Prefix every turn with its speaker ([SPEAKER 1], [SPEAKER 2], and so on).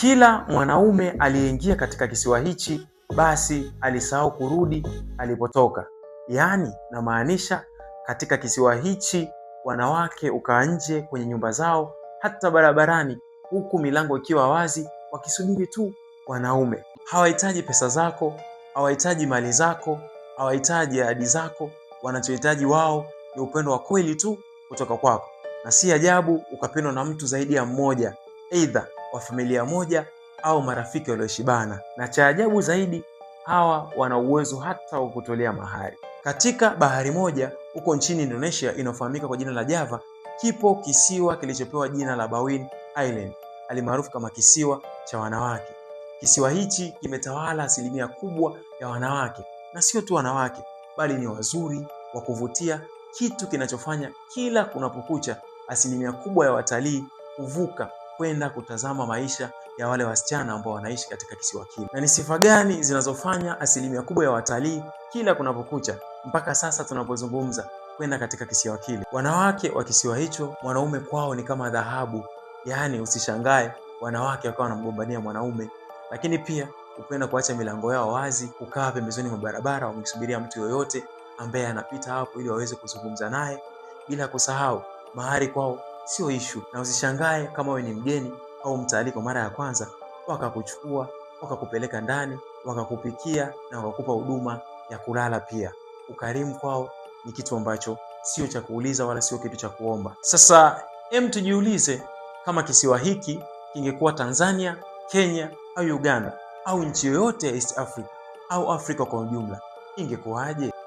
[SPEAKER 1] Kila mwanaume aliyeingia katika kisiwa hichi basi alisahau kurudi alipotoka, yaani namaanisha katika kisiwa hichi wanawake ukaa nje kwenye nyumba zao, hata barabarani, huku milango ikiwa wazi, wakisubiri tu wanaume. Hawahitaji pesa zako, hawahitaji mali zako, hawahitaji ahadi zako. Wanachohitaji wao ni upendo wa kweli tu kutoka kwako, na si ajabu ukapendwa na mtu zaidi ya mmoja, aidha wa familia moja au marafiki walioshibana, na cha ajabu zaidi, hawa wana uwezo hata wa kutolea mahari. Katika bahari moja huko nchini Indonesia inayofahamika kwa jina la Java, kipo kisiwa kilichopewa jina la Bawin Island alimaarufu kama kisiwa cha wanawake. Kisiwa hichi kimetawala asilimia kubwa ya wanawake, na sio tu wanawake, bali ni wazuri wa kuvutia, kitu kinachofanya kila kunapokucha asilimia kubwa ya watalii kuvuka kwenda kutazama maisha ya wale wasichana ambao wanaishi katika kisiwa kile, na ni sifa gani zinazofanya asilimia kubwa ya watalii kila kunapokucha mpaka sasa tunapozungumza kwenda katika kisiwa kile. Wanawake wa kisiwa hicho, wanaume kwao ni kama dhahabu, yaani usishangae wanawake wakawa wanamgombania mwanaume, lakini pia hupenda kuacha milango yao wazi, kukaa pembezoni mwa barabara wamsubiria mtu yoyote ambaye anapita hapo ili waweze kuzungumza naye, bila kusahau mahari kwao sio ishu, na usishangae kama wewe ni mgeni au mtalii kwa mara ya kwanza, wakakuchukua wakakupeleka ndani wakakupikia na wakakupa huduma ya kulala pia. Ukarimu kwao ni kitu ambacho sio cha kuuliza wala sio kitu cha kuomba. Sasa hem, tujiulize kama kisiwa hiki kingekuwa Tanzania, Kenya au Uganda au nchi yoyote ya East Africa au Afrika kwa ujumla ingekuwaje?